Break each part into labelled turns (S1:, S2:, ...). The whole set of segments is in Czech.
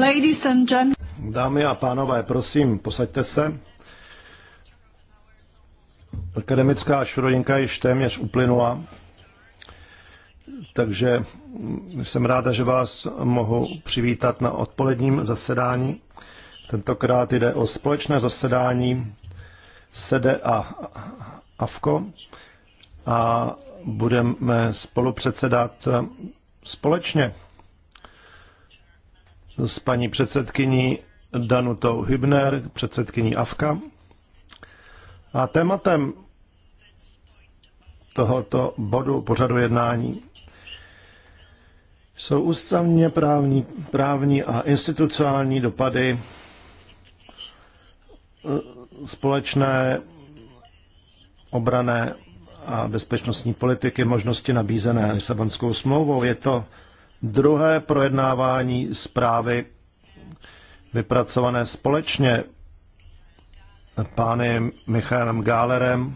S1: Ladies and gentlemen.
S2: Dámy a pánové, prosím, posaďte se. Akademická šrodinka již téměř uplynula, takže jsem ráda, že vás mohu přivítat na odpoledním zasedání. Tentokrát jde o společné zasedání SEDE a AFKO a budeme spolupředsedat společně s paní předsedkyní Danutou Hübner, předsedkyní AFKA. A tématem tohoto bodu pořadu jednání jsou ústavně právní, právní a institucionální dopady eh, společné obrané a bezpečnostní politiky možnosti nabízené Lisabonskou smlouvou. Je to druhé projednávání zprávy vypracované společně pány Michalem Gálerem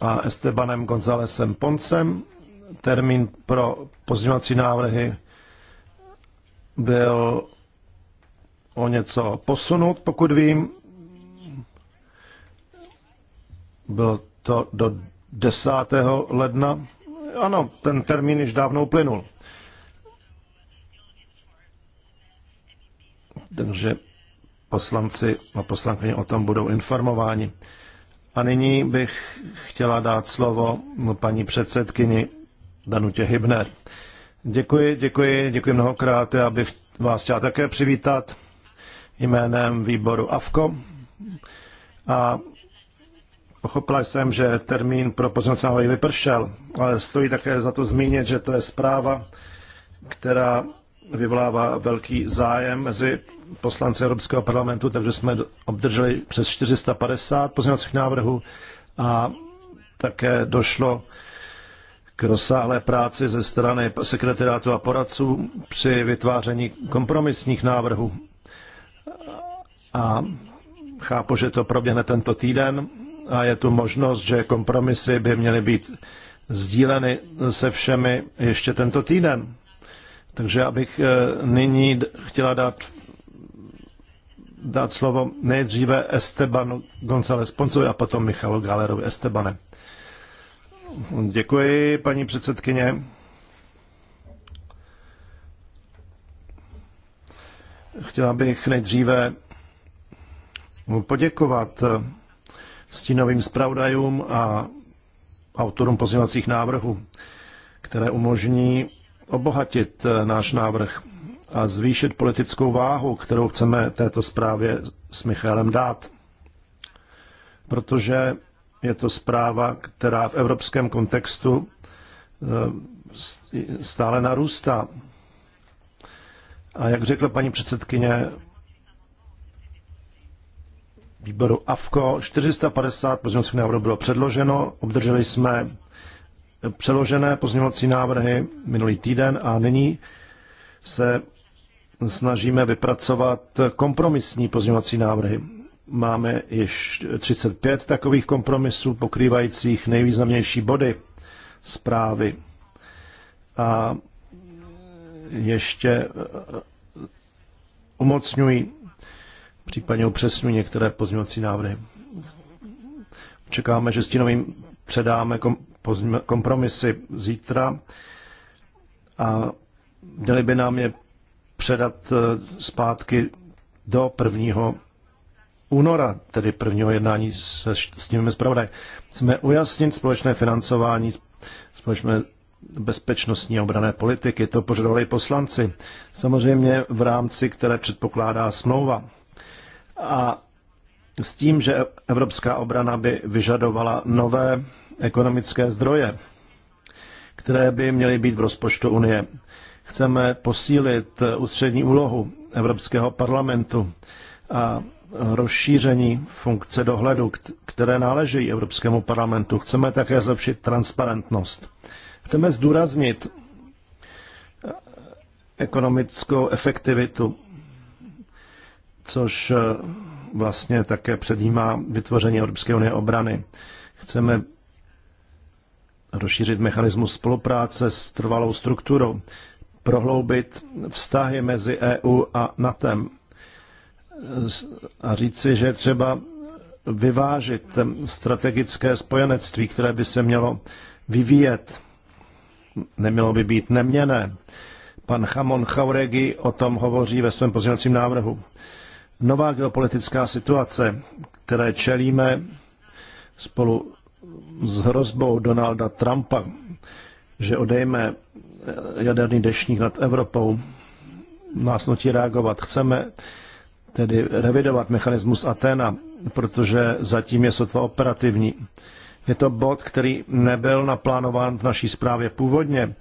S2: a Estebanem Gonzalesem Poncem. Termín pro pozměňovací návrhy byl o něco posunut, pokud vím. Bylo to do 10. ledna ano, ten termín již dávno uplynul. Takže poslanci a poslankyně o tom budou informováni. A nyní bych chtěla dát slovo paní předsedkyni Danutě Hybner. Děkuji, děkuji, děkuji mnohokrát. Já bych vás chtěla také přivítat jménem výboru AFKO a Pochopila jsem, že termín pro pozornost návrhy vypršel, ale stojí také za to zmínit, že to je zpráva, která vyvolává velký zájem mezi poslanci Evropského parlamentu, takže jsme obdrželi přes 450 pozornostních návrhů a také došlo k rozsáhlé práci ze strany sekretariátu a poradců při vytváření kompromisních návrhů. A chápu, že to proběhne tento týden a je tu možnost, že kompromisy by měly být sdíleny se všemi ještě tento týden. Takže abych eh, nyní chtěla dát, dát slovo nejdříve Estebanu González Poncovi a potom Michalu Galerovi. Estebane. Děkuji, paní předsedkyně. Chtěla bych nejdříve poděkovat eh, stínovým zpravodajům a autorům pozměňovacích návrhů, které umožní obohatit eh, náš návrh a zvýšit politickou váhu, kterou chceme této zprávě s Michálem dát. Protože je to zpráva, která v evropském kontextu eh, stále narůstá. A jak řekla paní předsedkyně, výboru AFKO. 450 pozměňovacích návrhů bylo předloženo, obdrželi jsme přeložené pozměňovací návrhy minulý týden a nyní se snažíme vypracovat kompromisní pozměňovací návrhy. Máme již 35 takových kompromisů pokrývajících nejvýznamnější body zprávy. A ještě umocňují eh, případně upřesňují některé pozměňovací návrhy. Čekáme, že tím předáme kom, pozmě, kompromisy zítra a měli by nám je předat e, zpátky do 1. února, tedy prvního jednání se nimi zpravodaj. Chceme ujasnit společné financování, společné bezpečnostní a obrané politiky. To požadovali poslanci. Samozřejmě v rámci, které předpokládá smlouva a s tím, že evropská obrana by vyžadovala nové ekonomické zdroje, které by měly být v rozpočtu Unie. Chceme posílit ústřední úlohu Evropského parlamentu a rozšíření funkce dohledu, které náleží Evropskému parlamentu. Chceme také zlepšit transparentnost. Chceme zdůraznit ekonomickou efektivitu což eh, vlastně také předjímá vytvoření Evropské unie obrany. Chceme rozšířit mechanismus spolupráce s trvalou strukturou, prohloubit vztahy mezi EU a NATO eh, a říci, že třeba vyvážit strategické spojenectví, které by se mělo vyvíjet. Nemělo by být neměné. Pan Hamon Chauregi o tom hovoří ve svém pozměňovacím návrhu. Nová geopolitická situace, které čelíme spolu s hrozbou Donalda Trumpa, že odejme jaderný dešník nad Evropou, nás nutí reagovat. Chceme tedy revidovat mechanismus Atena, protože zatím je sotva operativní. Je to bod, který nebyl naplánován v naší zprávě původně,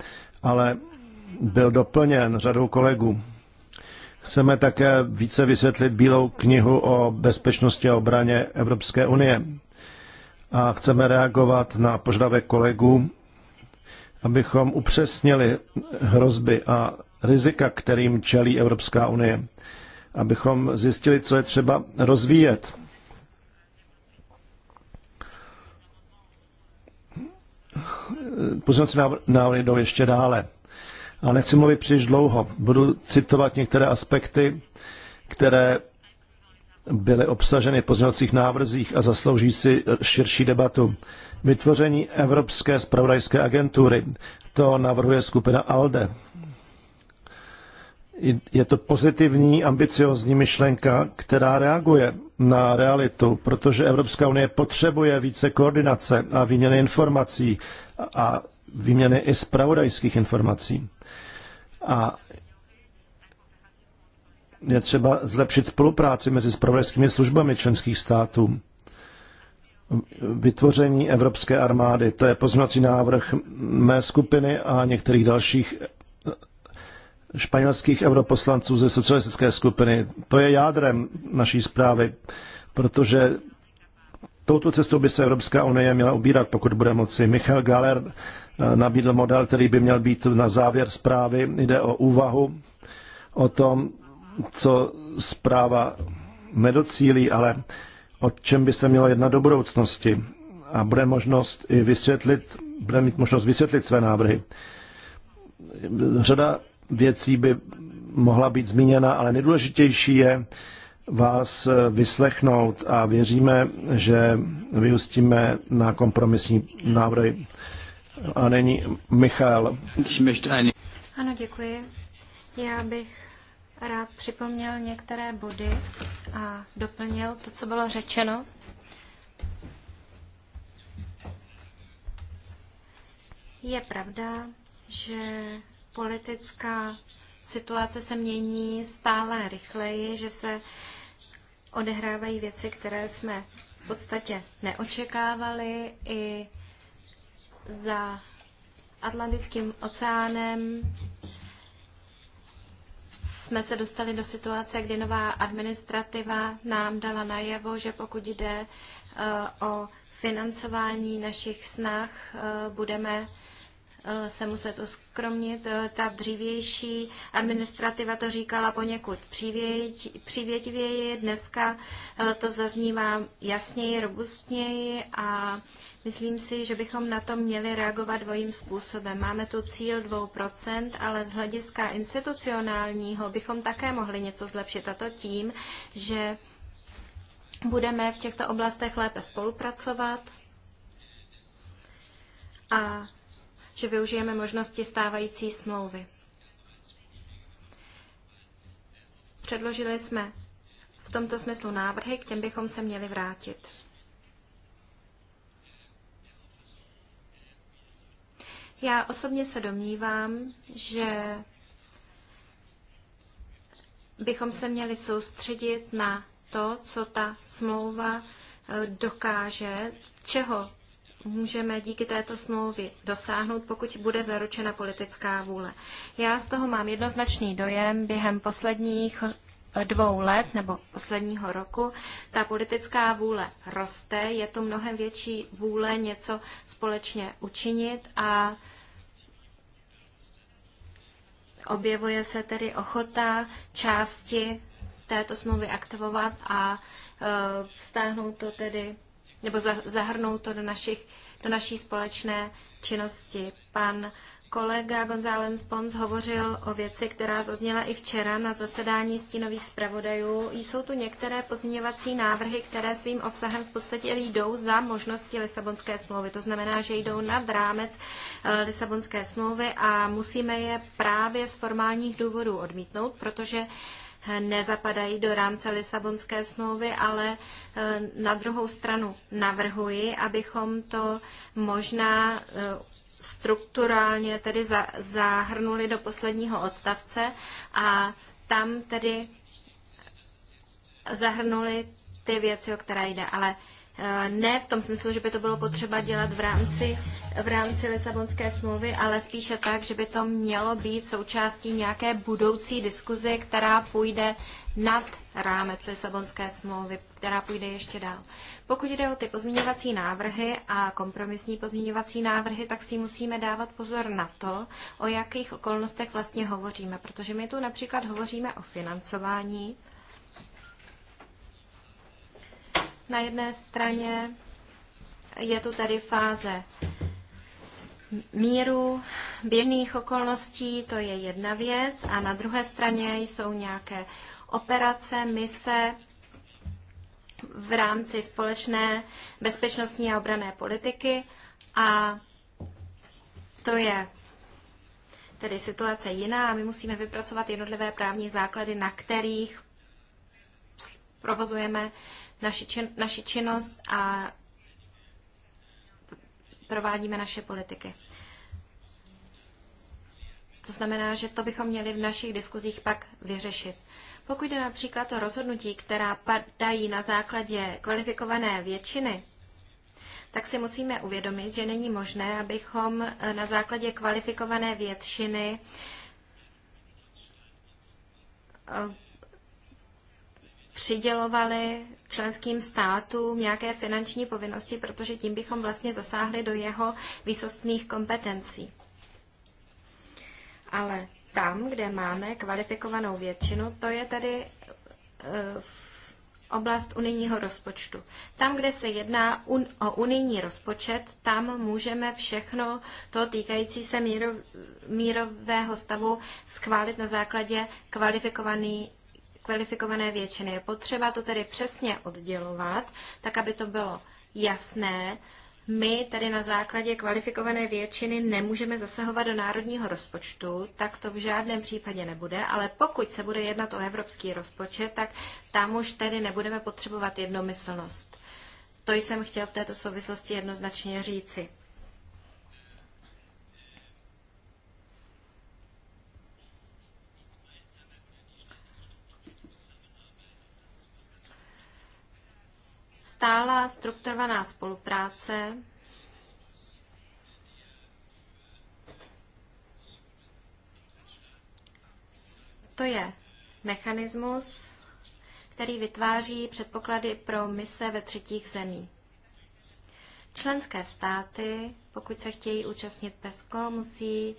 S2: ale byl doplněn řadou kolegů. Chceme také více vysvětlit Bílou knihu o bezpečnosti a obraně Evropské unie. A chceme reagovat na požadavek kolegů, abychom upřesnili hrozby a rizika, kterým čelí Evropská unie. Abychom zjistili, co je třeba rozvíjet. Pozornost návrhy jdou ještě dále. A nechci mluvit příliš dlouho. Budu citovat některé aspekty, které byly obsaženy v pozměňovacích návrzích a zaslouží si širší debatu. Vytvoření Evropské spravodajské agentury. To navrhuje skupina ALDE. Je to pozitivní, ambiciozní myšlenka, která reaguje na realitu, protože Evropská unie potřebuje více koordinace a výměny informací a výměny i spravodajských informací. A je třeba zlepšit spolupráci mezi spravodajskými službami členských států. Vytvoření Evropské armády, to je pozměňovací návrh mé skupiny a některých dalších španělských europoslanců ze socialistické skupiny. To je jádrem naší zprávy, protože touto cestou by se Evropská unie měla ubírat, pokud bude moci. Michal Galer Eh, nabídl model, který by měl být na závěr zprávy. Jde o úvahu o tom, co zpráva nedocílí, ale o čem by se mělo jednat do budoucnosti. A bude možnost i vysvětlit, bude mít možnost vysvětlit své návrhy. Řada věcí by mohla být zmíněna, ale nejdůležitější je vás vyslechnout a věříme, že vyustíme na kompromisní návrhy. A není Michal.
S3: Ano, děkuji. Já bych rád připomněl některé body a doplnil to, co bylo řečeno. Je pravda, že politická situace se mění stále rychleji, že se odehrávají věci, které jsme v podstatě neočekávali i za Atlantickým oceánem jsme se dostali do situace, kdy nová administrativa nám dala najevo, že pokud jde eh, o financování našich snah, eh, budeme eh, se muset uskromnit. Ta dřívější administrativa to říkala poněkud přívětivěji, dneska to zaznívá jasněji, robustněji a Myslím si, že bychom na to měli reagovat dvojím způsobem. Máme tu cíl 2%, ale z hlediska institucionálního bychom také mohli něco zlepšit, a to tím, že budeme v těchto oblastech lépe spolupracovat a že využijeme možnosti stávající smlouvy. Předložili jsme v tomto smyslu návrhy, k těm bychom se měli vrátit. Já osobně se domnívám, že bychom se měli soustředit na to, co ta smlouva eh, dokáže, čeho můžeme díky této smlouvě dosáhnout, pokud bude zaručena politická vůle. Já z toho mám jednoznačný dojem během posledních dvou let nebo posledního roku ta politická vůle roste, je tu mnohem větší vůle něco společně učinit a objevuje se tedy ochota části této smlouvy aktivovat a e, vztáhnout to tedy, nebo zahrnout to do, našich, do naší společné činnosti. Pan Kolega González Pons hovořil o věci, která zazněla i včera na zasedání stínových zpravodajů. Jsou tu některé pozměňovací návrhy, které svým obsahem v podstatě jdou za možnosti Lisabonské smlouvy. To znamená, že jdou nad rámec eh, Lisabonské smlouvy a musíme je právě z formálních důvodů odmítnout, protože eh, nezapadají do rámce Lisabonské smlouvy, ale eh, na druhou stranu navrhuji, abychom to možná strukturálně tedy zahrnuli do posledního odstavce a tam tedy zahrnuli ty věci, o které jde. Ale Eh, ne v tom smyslu, že by to bylo potřeba dělat v rámci, v rámci Lisabonské smlouvy, ale spíše tak, že by to mělo být součástí nějaké budoucí diskuze, která půjde nad rámec Lisabonské smlouvy, která půjde ještě dál. Pokud jde o ty pozměňovací návrhy a kompromisní pozměňovací návrhy, tak si musíme dávat pozor na to, o jakých okolnostech vlastně hovoříme, protože my tu například hovoříme o financování Na jedné straně je tu tady fáze míru, běžných okolností, to je jedna věc, a na druhé straně jsou nějaké operace, mise v rámci společné bezpečnostní a obrané politiky a to je tedy situace jiná a my musíme vypracovat jednotlivé právní základy, na kterých provozujeme naši, čin, naši činnost a provádíme naše politiky. To znamená, že to bychom měli v našich diskuzích pak vyřešit. Pokud jde například o rozhodnutí, která padají na základě kvalifikované většiny, tak si musíme uvědomit, že není možné, abychom na základě kvalifikované většiny přidělovali členským státům nějaké finanční povinnosti, protože tím bychom vlastně zasáhli do jeho výsostných kompetencí. Ale tam, kde máme kvalifikovanou většinu, to je tedy e, oblast unijního rozpočtu. Tam, kde se jedná un, o unijní rozpočet, tam můžeme všechno to týkající se míro, mírového stavu schválit na základě kvalifikovaný, kvalifikované většiny. Je potřeba to tedy přesně oddělovat, tak aby to bylo jasné. My tedy na základě kvalifikované většiny nemůžeme zasahovat do národního rozpočtu, tak to v žádném případě nebude, ale pokud se bude jednat o evropský rozpočet, tak tam už tedy nebudeme potřebovat jednomyslnost. To jsem chtěl v této souvislosti jednoznačně říci. stálá strukturovaná spolupráce to je mechanismus, který vytváří předpoklady pro mise ve třetích zemí. Členské státy, pokud se chtějí účastnit PESCO, musí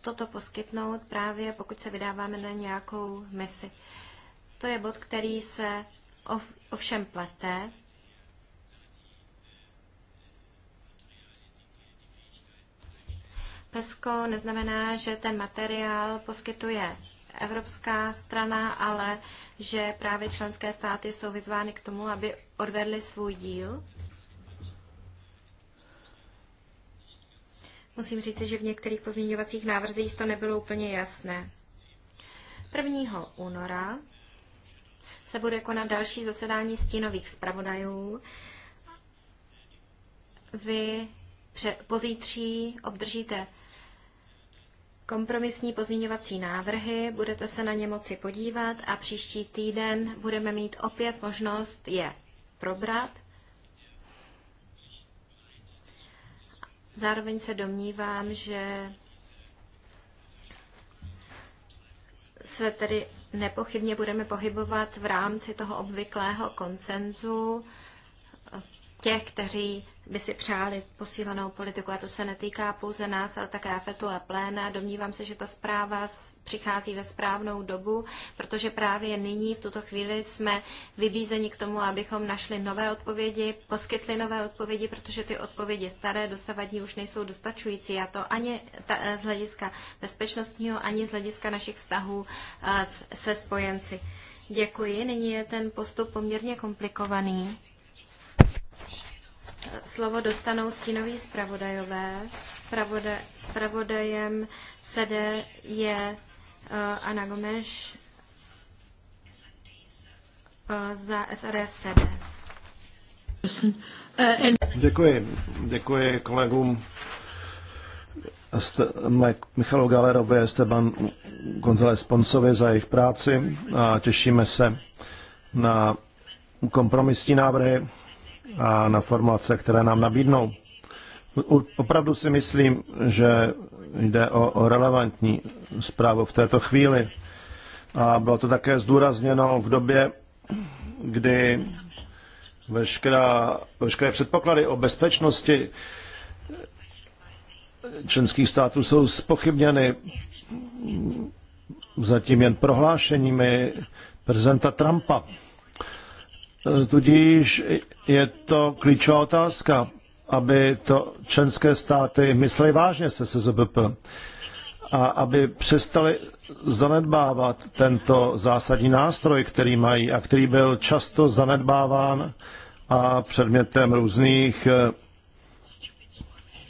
S3: toto poskytnout právě, pokud se vydáváme na nějakou misi. To je bod, který se ovšem platé, PESCO neznamená, že ten materiál poskytuje evropská strana, ale že právě členské státy jsou vyzvány k tomu, aby odvedly svůj díl. Musím říct, že v některých pozměňovacích návrzích to nebylo úplně jasné. 1. února se bude konat další zasedání stínových zpravodajů. Vy pozítří obdržíte kompromisní pozměňovací návrhy, budete se na ně moci podívat a příští týden budeme mít opět možnost je probrat. Zároveň se domnívám, že se tedy nepochybně budeme pohybovat v rámci toho obvyklého koncenzu těch, kteří by si přáli posílenou politiku. A to se netýká pouze nás, ale také AFETu a pléna. Domnívám se, že ta zpráva přichází ve správnou dobu, protože právě nyní, v tuto chvíli, jsme vybízeni k tomu, abychom našli nové odpovědi, poskytli nové odpovědi, protože ty odpovědi staré, dosavadní, už nejsou dostačující. A to ani ta, eh, z hlediska bezpečnostního, ani z hlediska našich vztahů eh, se spojenci. Děkuji. Nyní je ten postup poměrně komplikovaný slovo dostanou stínoví zpravodajové. Spravodaj, spravodajem sede je uh, eh, Ana Gomeš uh, za SRS sede.
S2: Eh, Děkuji. Děkuji kolegům Este, Michalu Galerovi, Esteban González Sponsovi za jejich práci a těšíme se na kompromisní návrhy a na formace, které nám nabídnou. Opravdu si myslím, že jde o relevantní zprávu v této chvíli. A bylo to také zdůrazněno v době, kdy veškerá, veškeré předpoklady o bezpečnosti členských států jsou spochybněny zatím jen prohlášeními prezidenta Trumpa. Tudíž je to klíčová otázka, aby to členské státy mysleli vážně se SZBP a aby přestali zanedbávat tento zásadní nástroj, který mají a který byl často zanedbáván a předmětem různých eh,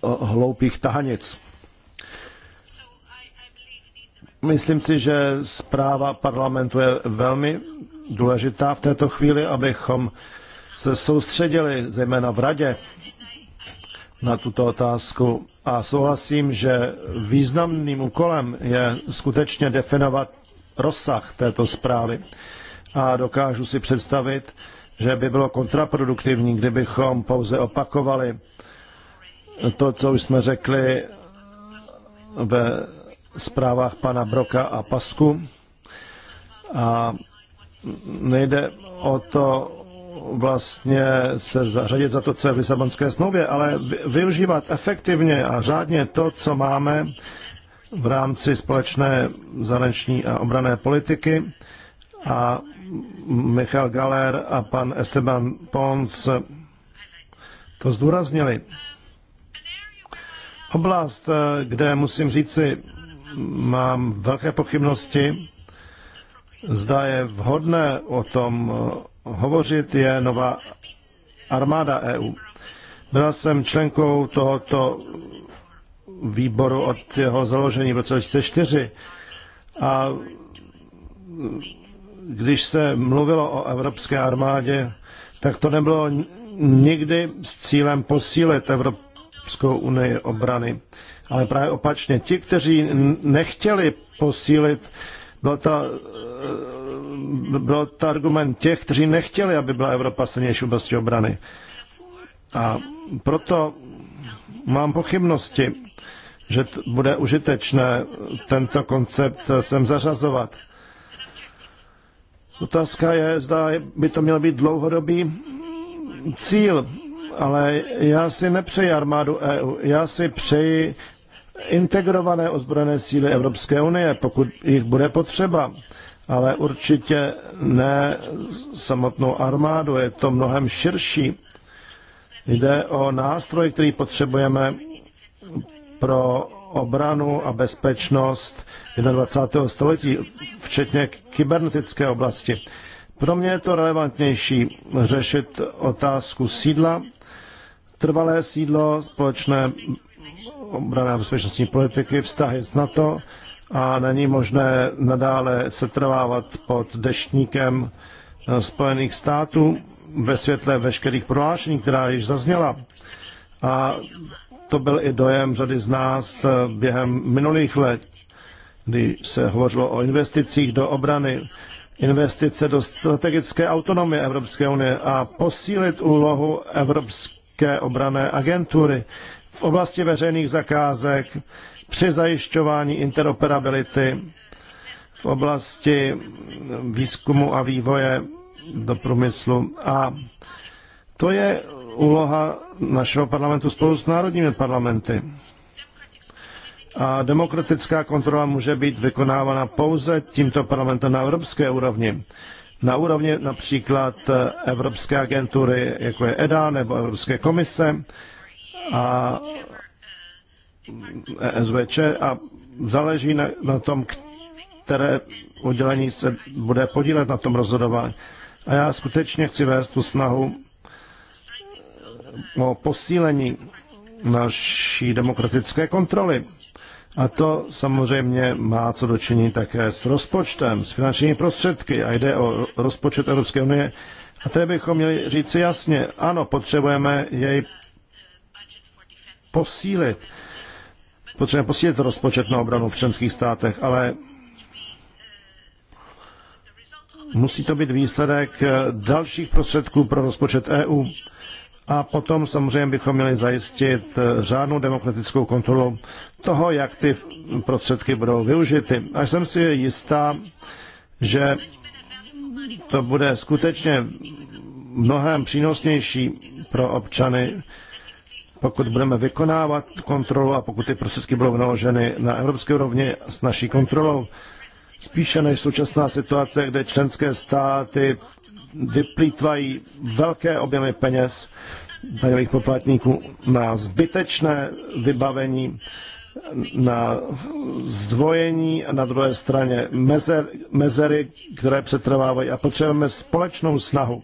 S2: eh, hloupých tahanic. Myslím si, že zpráva parlamentu je velmi důležitá v této chvíli, abychom se soustředili, zejména v radě, na tuto otázku. A souhlasím, že významným úkolem je skutečně definovat rozsah této zprávy. A dokážu si představit, že by bylo kontraproduktivní, kdybychom pouze opakovali to, co už jsme řekli ve zprávách pana Broka a Pasku. A nejde o to vlastně se zařadit za to, co je v Lisabonské smlouvě, ale využívat efektivně a řádně to, co máme v rámci společné zahraniční a obrané politiky. A Michal Galer a pan Esteban Pons to zdůraznili. Oblast, kde musím říci, mám velké pochybnosti, Zda je vhodné o tom eh, hovořit, je nová armáda EU. Byla jsem členkou tohoto výboru od jeho založení v roce 2004 a když se mluvilo o evropské armádě, tak to nebylo nikdy s cílem posílit Evropskou unii obrany. Ale právě opačně, ti, kteří nechtěli posílit, byla ta Eh, byl to argument těch, kteří nechtěli, aby byla Evropa silnější v oblasti obrany. A proto mám pochybnosti, že bude užitečné tento koncept eh, sem zařazovat. Otázka je, zda by to měl být dlouhodobý cíl, ale já si nepřeji armádu EU, já si přeji integrované ozbrojené síly Evropské unie, pokud jich bude potřeba ale určitě ne samotnou armádu, je to mnohem širší. Jde o nástroj, který potřebujeme pro obranu a bezpečnost 21. století, včetně kybernetické oblasti. Pro mě je to relevantnější řešit otázku sídla, trvalé sídlo, společné obrané a bezpečnostní politiky, vztahy s NATO, a není možné nadále setrvávat pod deštníkem eh, Spojených států ve světle veškerých prohlášení, která již zazněla. A to byl i dojem řady z nás eh, během minulých let, kdy se hovořilo o investicích do obrany, investice do strategické autonomie Evropské unie a posílit úlohu Evropské obrané agentury v oblasti veřejných zakázek, při zajišťování interoperability v oblasti výzkumu a vývoje do průmyslu. A to je úloha našeho parlamentu spolu s národními parlamenty. A demokratická kontrola může být vykonávána pouze tímto parlamentem na evropské úrovni. Na úrovni například Evropské agentury, jako je EDA nebo Evropské komise, a SVČ a záleží na, na tom, které oddělení se bude podílet na tom rozhodování. A já skutečně chci vést tu snahu eh, o posílení naší demokratické kontroly. A to samozřejmě má co dočinit také s rozpočtem, s finančními prostředky a jde o rozpočet Evropské unie. A tady bychom měli říci jasně, ano, potřebujeme jej posílit. Potřebujeme posílit rozpočet na obranu v členských státech, ale musí to být výsledek dalších prostředků pro rozpočet EU. A potom samozřejmě bychom měli zajistit řádnou demokratickou kontrolu toho, jak ty prostředky budou využity. A jsem si jistá, že to bude skutečně mnohem přínosnější pro občany pokud budeme vykonávat kontrolu a pokud ty prostředky budou naloženy na evropské úrovni s naší kontrolou, spíše než současná situace, kde členské státy vyplýtvají velké objemy peněz daňových poplatníků na zbytečné vybavení, na zdvojení a na druhé straně mezer, mezery, které přetrvávají. A potřebujeme společnou snahu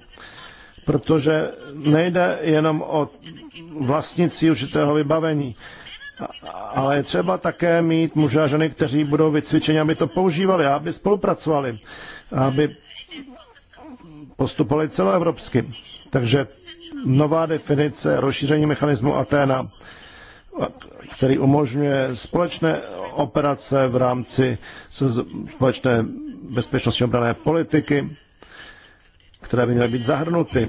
S2: protože nejde jenom o vlastnictví určitého vybavení, ale je třeba také mít muže a ženy, kteří budou vycvičeni, aby to používali, aby spolupracovali, aby postupovali celoevropsky. Takže nová definice rozšíření mechanismu Aténa, který umožňuje společné operace v rámci společné bezpečnostní obrané politiky, které by měly být zahrnuty.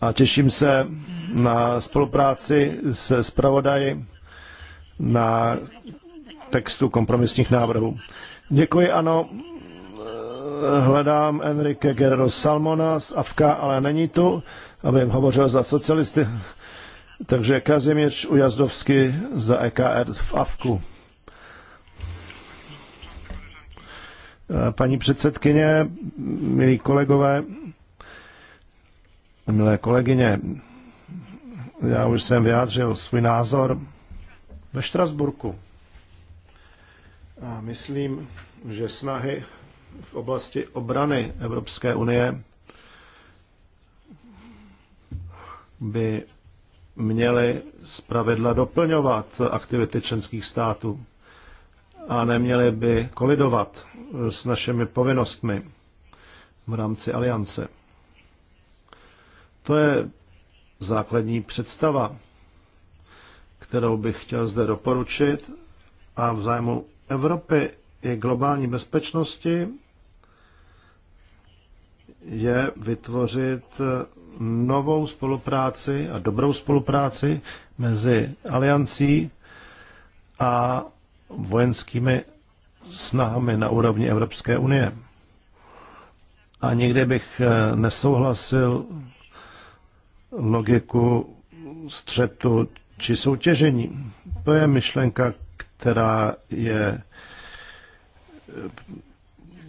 S2: A těším se na spolupráci se zpravodaji na textu kompromisních návrhů. Děkuji, ano. Hledám Enrique Guerrero Salmona z Avka, ale není tu, aby hovořil za socialisty. Takže Kazimíř Ujazdovský za EKR v Avku. Eh, paní předsedkyně, milí kolegové, milé kolegyně, já už jsem vyjádřil svůj názor ve Štrasburku. A myslím, že snahy v oblasti obrany Evropské unie by měly zpravidla doplňovat aktivity členských států a neměly by kolidovat s našimi povinnostmi v rámci aliance. To je základní představa, kterou bych chtěl zde doporučit a v zájmu Evropy i globální bezpečnosti je vytvořit novou spolupráci a dobrou spolupráci mezi aliancí a vojenskými snahami na úrovni Evropské unie. A někde bych eh, nesouhlasil logiku střetu či soutěžení. To je myšlenka, která je eh,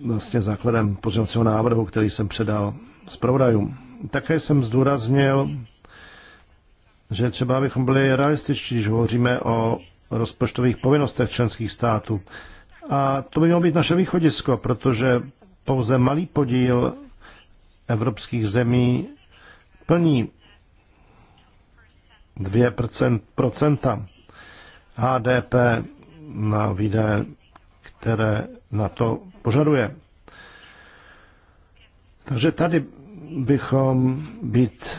S2: vlastně základem pozměňovacího návrhu, který jsem předal zpravodajům. Také jsem zdůraznil, že třeba bychom byli realističtí, když hovoříme o rozpočtových povinnostech členských států. A to by mělo být naše východisko, protože pouze malý podíl evropských zemí plní 2% HDP na výdaje, které na to požaduje. Takže tady bychom být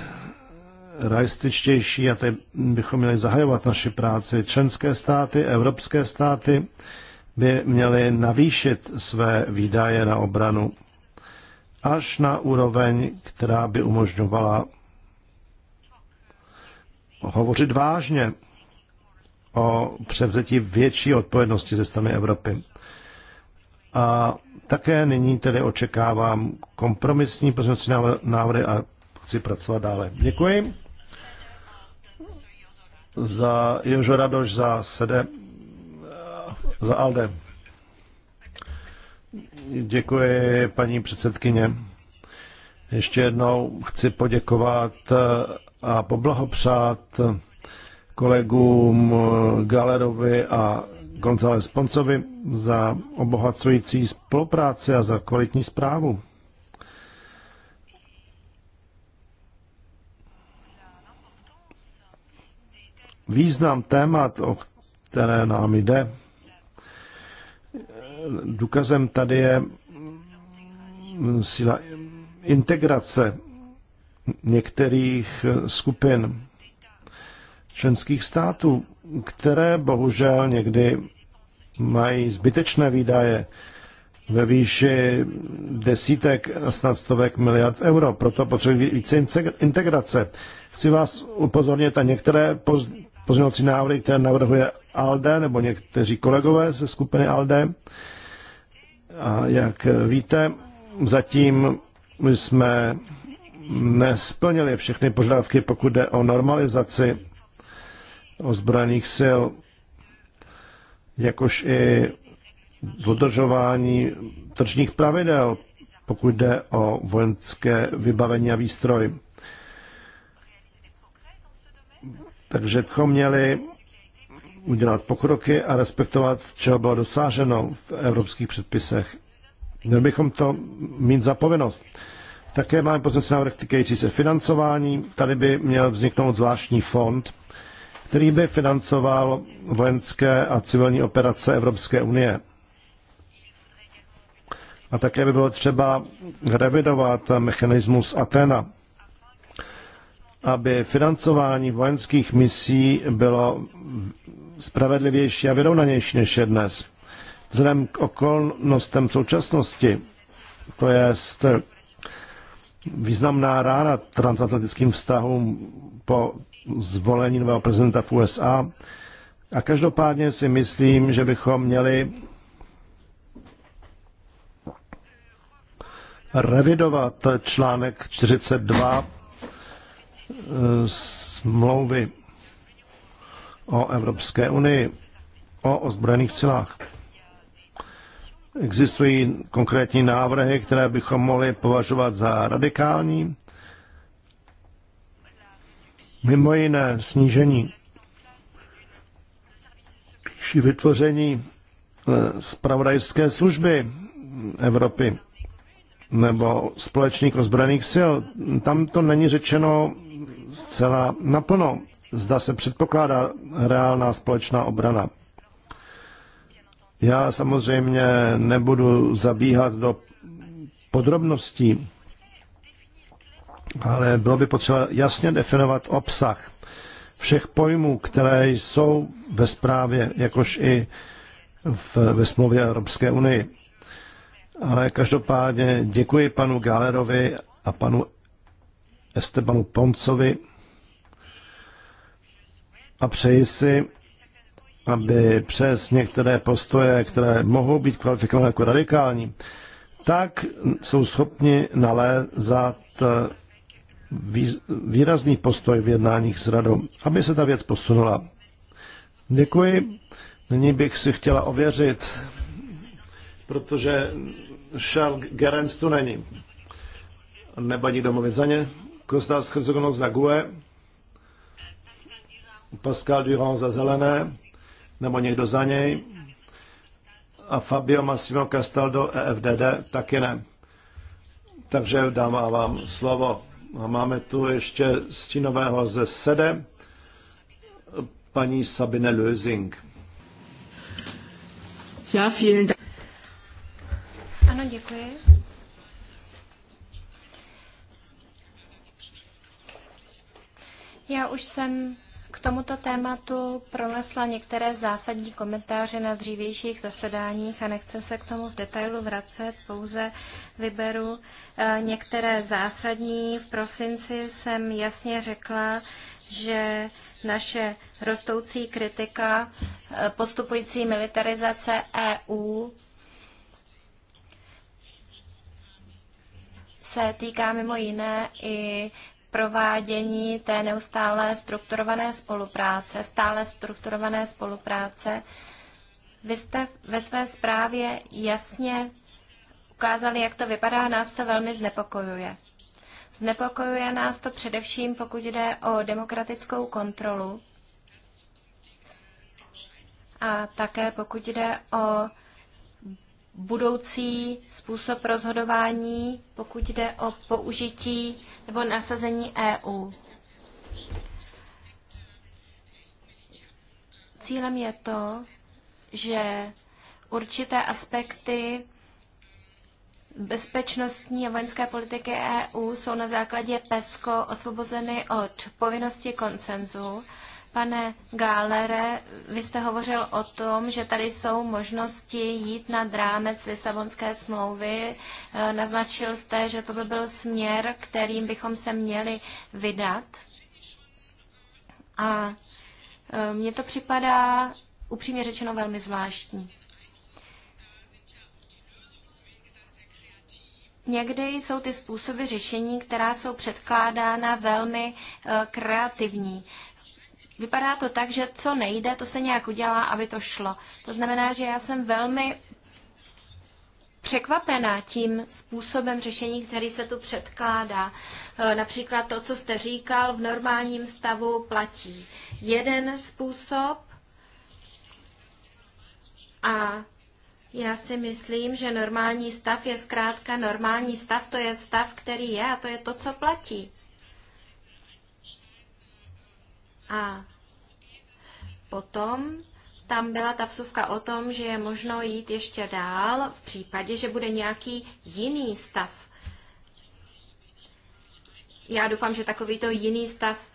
S2: realističtější a teď bychom měli zahajovat naši práci. Členské státy, evropské státy by měly navýšit své výdaje na obranu až na úroveň, která by umožňovala hovořit vážně o převzetí větší odpovědnosti ze strany Evropy. A také nyní tedy očekávám kompromisní pozměňovací návrhy a chci pracovat dále. Děkuji za Jožo Radoš za SEDE, za ALDE. Děkuji, paní předsedkyně. Ještě jednou chci poděkovat a poblahopřát kolegům Galerovi a González Poncovi za obohacující spolupráci a za kvalitní zprávu. význam témat, o které nám jde, důkazem tady je síla integrace některých skupin členských států, které bohužel někdy mají zbytečné výdaje ve výši desítek, snad stovek miliard euro. Proto potřebují více integrace. Chci vás upozornit na některé pozměňovací návrhy, které navrhuje ALDE nebo někteří kolegové ze skupiny ALDE. A jak víte, zatím my jsme nesplnili všechny požadavky, pokud jde o normalizaci ozbrojených sil, jakož i dodržování tržních pravidel, pokud jde o vojenské vybavení a výstroj. Takže bychom měli udělat pokroky a respektovat, čeho bylo dosáženo v evropských předpisech. Měli bychom to mít za povinnost. Také máme pozornost návrh týkající se financování. Tady by měl vzniknout zvláštní fond, který by financoval vojenské a civilní operace Evropské unie. A také by bylo třeba revidovat mechanismus Atena, aby financování vojenských misí bylo spravedlivější a vyrovnanější než je dnes. Vzhledem k okolnostem současnosti, to je významná rána transatlantickým vztahům po zvolení nového prezidenta v USA. A každopádně si myslím, že bychom měli revidovat článek 42 smlouvy o Evropské unii o ozbrojených silách. Existují konkrétní návrhy, které bychom mohli považovat za radikální. Mimo jiné snížení či vytvoření spravodajské eh, služby Evropy nebo společník ozbrojených sil. Tam to není řečeno zcela naplno, zda se předpokládá reálná společná obrana. Já samozřejmě nebudu zabíhat do podrobností, ale bylo by potřeba jasně definovat obsah všech pojmů, které jsou ve zprávě, jakož i v, ve smlouvě Evropské unii. Ale každopádně děkuji panu Galerovi a panu Estebanu Poncovi a přeji si, aby přes některé postoje, které mohou být kvalifikované jako radikální, tak jsou schopni nalézat eh, výrazný postoj v jednáních s radou, aby se ta věc posunula. Děkuji. Nyní bych si chtěla ověřit, protože Charles Gerens tu není. Nebadí domluvit za ně. Kostas Chrysogonos za GUE, Pascal Durand za Zelené, nebo někdo za něj, a Fabio Massimo Castaldo EFDD taky ne. Takže dávám vám slovo. A máme tu ještě stínového ze SEDE, paní Sabine Lösing. Ja, vielen
S3: Ano, děkuji. Já už jsem k tomuto tématu pronesla některé zásadní komentáře na dřívějších zasedáních a nechci se k tomu v detailu vracet, pouze vyberu eh, některé zásadní. V prosinci jsem jasně řekla, že naše rostoucí kritika eh, postupující militarizace EU se týká mimo jiné i provádění té neustále strukturované spolupráce, stále strukturované spolupráce. Vy jste ve své zprávě jasně ukázali, jak to vypadá, nás to velmi znepokojuje. Znepokojuje nás to především, pokud jde o demokratickou kontrolu a také pokud jde o budoucí způsob rozhodování, pokud jde o použití nebo nasazení EU. Cílem je to, že určité aspekty bezpečnostní a vojenské politiky EU jsou na základě PESCO osvobozeny od povinnosti koncenzu, Pane Gálere, vy jste hovořil o tom, že tady jsou možnosti jít na drámec Lisabonské smlouvy. E, naznačil jste, že to by byl směr, kterým bychom se měli vydat. A e, mně to připadá upřímně řečeno velmi zvláštní. Někdy jsou ty způsoby řešení, která jsou předkládána velmi e, kreativní. Vypadá to tak, že co nejde, to se nějak udělá, aby to šlo. To znamená, že já jsem velmi překvapená tím způsobem řešení, který se tu předkládá. E, například to, co jste říkal, v normálním stavu platí jeden způsob a já si myslím, že normální stav je zkrátka normální stav, to je stav, který je a to je to, co platí. A potom tam byla ta vsuvka o tom, že je možno jít ještě dál v případě, že bude nějaký jiný stav. Já doufám, že takovýto jiný stav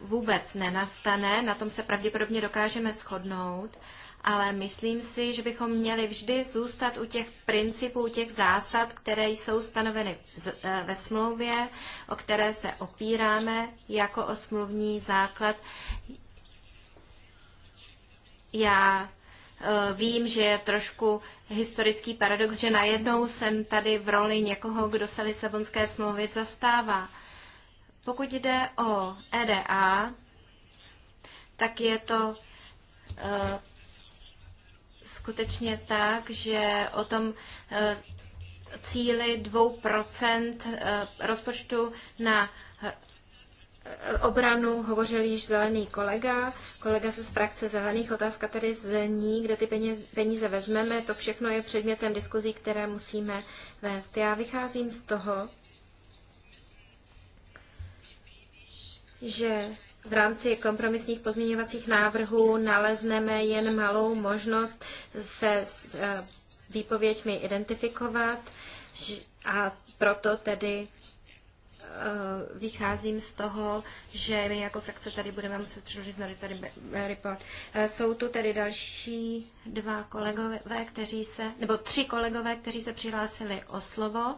S3: vůbec nenastane, na tom se pravděpodobně dokážeme shodnout, ale myslím si, že bychom měli vždy zůstat u těch principů, těch zásad, které jsou stanoveny e, ve smlouvě, o které se opíráme jako o smluvní základ. Já e, vím, že je trošku historický paradox, že najednou jsem tady v roli někoho, kdo se Lisabonské smlouvy zastává. Pokud jde o EDA, tak je to e, skutečně tak, že o tom eh, cíli 2% eh, rozpočtu na eh, obranu hovořil již zelený kolega, kolega se z frakce zelených. Otázka tedy zní, kde ty peníze vezmeme. To všechno je předmětem diskuzí, které musíme vést. Já vycházím z toho, že v rámci kompromisních pozměňovacích návrhů nalezneme jen malou možnost se s eh, výpověďmi identifikovat a proto tedy eh, vycházím z toho, že my jako frakce tady budeme muset na tady report. Eh, jsou tu tedy další dva kolegové, kteří se, nebo tři kolegové, kteří se přihlásili o slovo.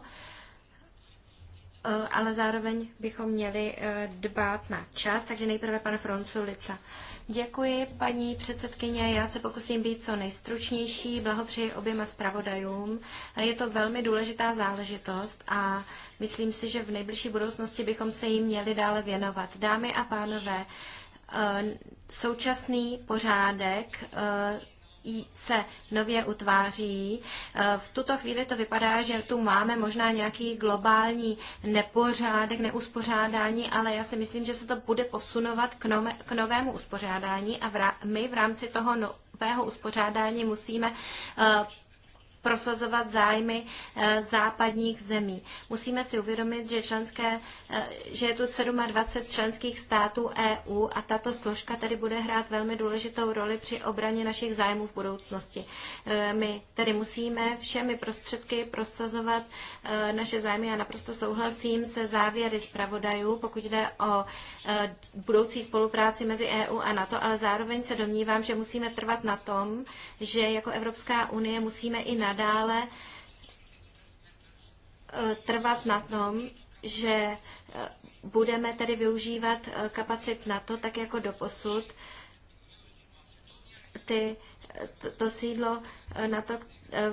S3: Eh, ale zároveň bychom měli eh, dbát na čas, takže nejprve pan Fronculica. Děkuji, paní předsedkyně. Já se pokusím být co nejstručnější. Blahopřeji oběma zpravodajům. Je to velmi důležitá záležitost a myslím si, že v nejbližší budoucnosti bychom se jí měli dále věnovat. Dámy a pánové, eh, současný pořádek se nově utváří. Eh, v tuto chvíli to vypadá, že tu máme možná nějaký globální nepořádek, neuspořádání, ale já si myslím, že se to bude posunovat k, nové, k novému uspořádání a v, my v rámci toho nového uspořádání musíme eh, prosazovat zájmy eh, západních zemí. Musíme si uvědomit, že, členské, eh, že je tu 27 členských států EU a tato složka tedy bude hrát velmi důležitou roli při obraně našich zájmů v budoucnosti. Eh, my tedy musíme všemi prostředky prosazovat naše zájmy. Já naprosto souhlasím se závěry zpravodajů, pokud jde o budoucí spolupráci mezi EU a NATO, ale zároveň se domnívám, že musíme trvat na tom, že jako Evropská unie musíme i nadále nadále eh, trvat na tom, že eh, budeme tedy využívat eh, kapacit to, tak jako doposud. Ty, to, to sídlo to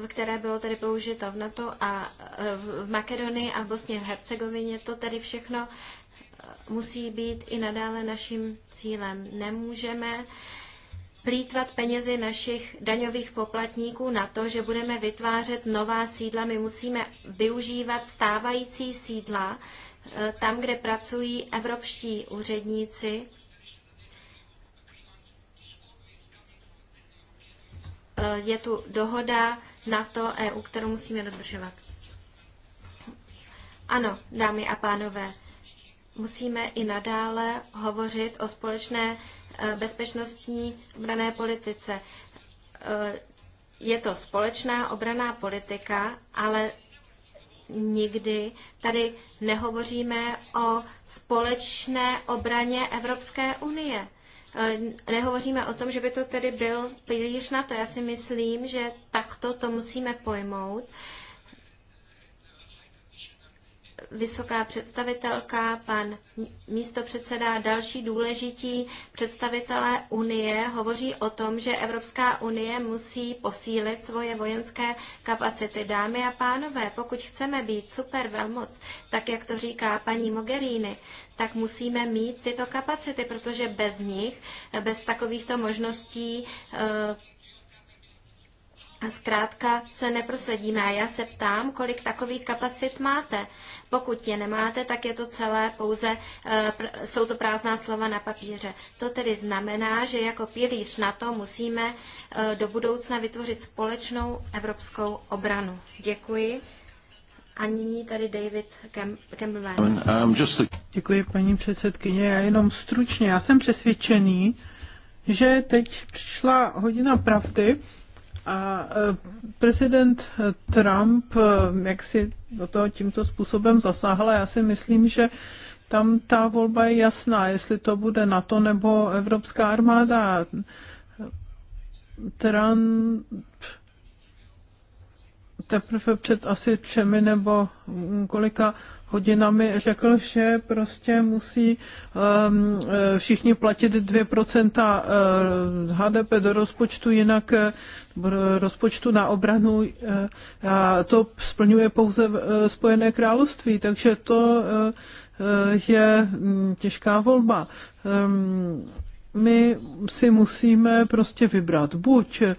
S3: které bylo tedy použito v NATO a v Makedonii a v Bosně v Hercegovině, to tedy všechno musí být i nadále naším cílem. Nemůžeme plítvat penězi našich daňových poplatníků na to, že budeme vytvářet nová sídla. My musíme využívat stávající sídla eh, tam, kde pracují evropští úředníci. Eh, je tu dohoda na to EU, kterou musíme dodržovat. Ano, dámy a pánové, musíme i nadále hovořit o společné eh, bezpečnostní obrané politice. Eh, je to společná obraná politika, ale nikdy tady nehovoříme o společné obraně Evropské unie. Eh, nehovoříme o tom, že by to tedy byl pilíř na to. Já si myslím, že takto to musíme pojmout vysoká představitelka, pan místopředseda a další důležití představitelé Unie hovoří o tom, že Evropská unie musí posílit svoje vojenské kapacity. Dámy a pánové, pokud chceme být super velmoc, tak jak to říká paní Mogherini, tak musíme mít tyto kapacity, protože bez nich, bez takovýchto možností, eh, zkrátka se neprosadíme. A já se ptám, kolik takových kapacit máte. Pokud je nemáte, tak je to celé pouze, eh, jsou to prázdná slova na papíře. To tedy znamená, že jako pilíř na to musíme eh, do budoucna vytvořit společnou evropskou obranu. Děkuji. A nyní tady David Campbell.
S1: Um, Děkuji, paní předsedkyně. Já jenom stručně, já jsem přesvědčený, že teď přišla hodina pravdy, a e, prezident Trump e, jak si do toho tímto způsobem zasáhla, já si myslím, že tam ta volba je jasná, jestli to bude NATO nebo Evropská armáda. Trump teprve před asi třemi nebo kolika hodinami řekl, že prostě musí um, všichni platit 2% e, HDP do rozpočtu, jinak e, rozpočtu na obranu a to splňuje pouze Spojené království, takže to je těžká volba. Ehm, my si musíme prostě vybrat. Buď eh,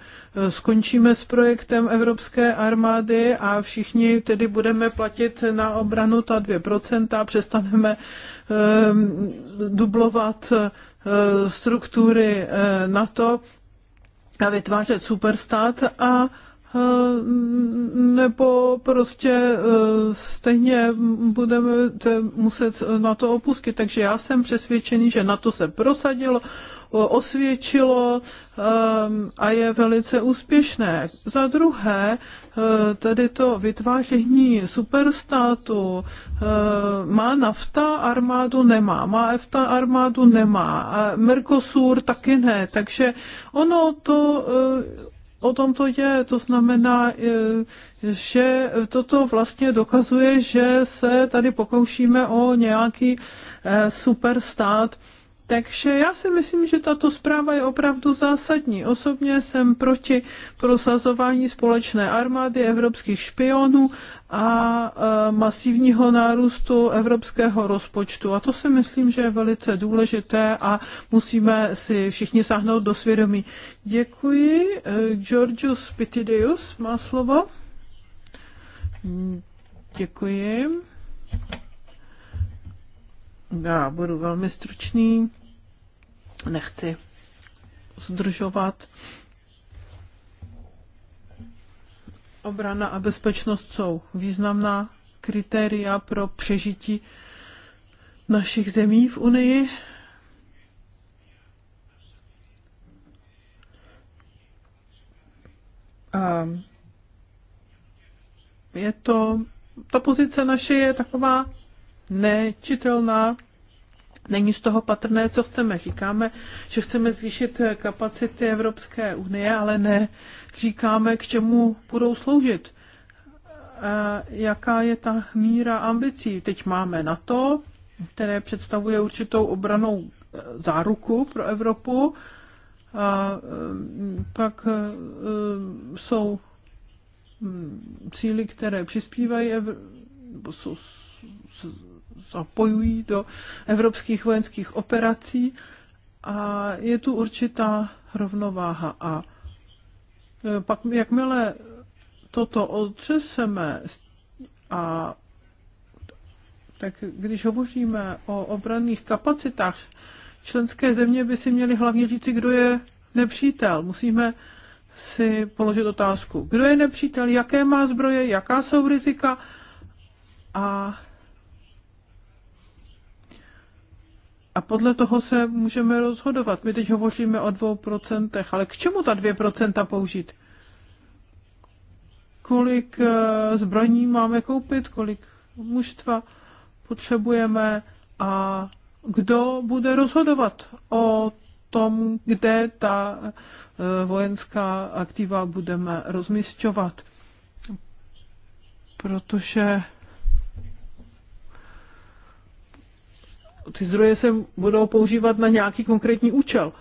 S1: skončíme s projektem Evropské armády a všichni tedy budeme platit na obranu ta 2%, přestaneme ehm, dublovat eh, struktury eh, NATO a vytvářet superstát a Eh, nebo prostě eh, stejně budeme muset na to opustit. Takže já jsem přesvědčený, že na to se prosadilo, osvědčilo eh, a je velice úspěšné. Za druhé, tedy to vytváření superstátu má nafta armádu nemá, má EFTA armádu nemá, a Mercosur taky ne, takže ono to o tom to je. To znamená, e, že toto vlastně dokazuje, že se tady pokoušíme o nějaký e, superstát. Takže já si myslím, že tato zpráva je opravdu zásadní. Osobně jsem proti prosazování společné armády evropských špionů a e, masivního nárůstu evropského rozpočtu. A to si myslím, že je velice důležité a musíme si všichni sáhnout do svědomí. Děkuji. E, Georgius Pitideus má slovo. Děkuji. Já budu velmi stručný. Nechci zdržovat. Uh, Obrana a bezpečnost jsou významná kritéria pro přežití našich zemí v Unii. A je to, ta pozice naše je taková nečitelná, Není z toho patrné, co chceme. Říkáme, že chceme zvýšit eh, kapacity Evropské unie, ale ne říkáme, k čemu budou sloužit. Jaká je ta míra ambicí? Teď máme na to, které představuje určitou obranou eh, záruku pro Evropu. A mm, pak eh, jsou cíly, mm, které přispívají, zapojují do evropských vojenských operací a je tu určitá rovnováha. A e, pak, jakmile toto odřeseme a tak když hovoříme o obranných kapacitách, členské země by si měly hlavně říci, kdo je nepřítel. Musíme si položit otázku, kdo je nepřítel, jaké má zbroje, jaká jsou rizika a a podle toho se můžeme rozhodovat. My teď hovoříme o dvou procentech, ale k čemu ta dvě procenta použít? Kolik eh, zbraní máme koupit, kolik mužstva potřebujeme a kdo bude rozhodovat o tom, kde ta eh, vojenská aktiva budeme rozmisťovat. Protože ty zdroje se budou používat na nějaký konkrétní účel.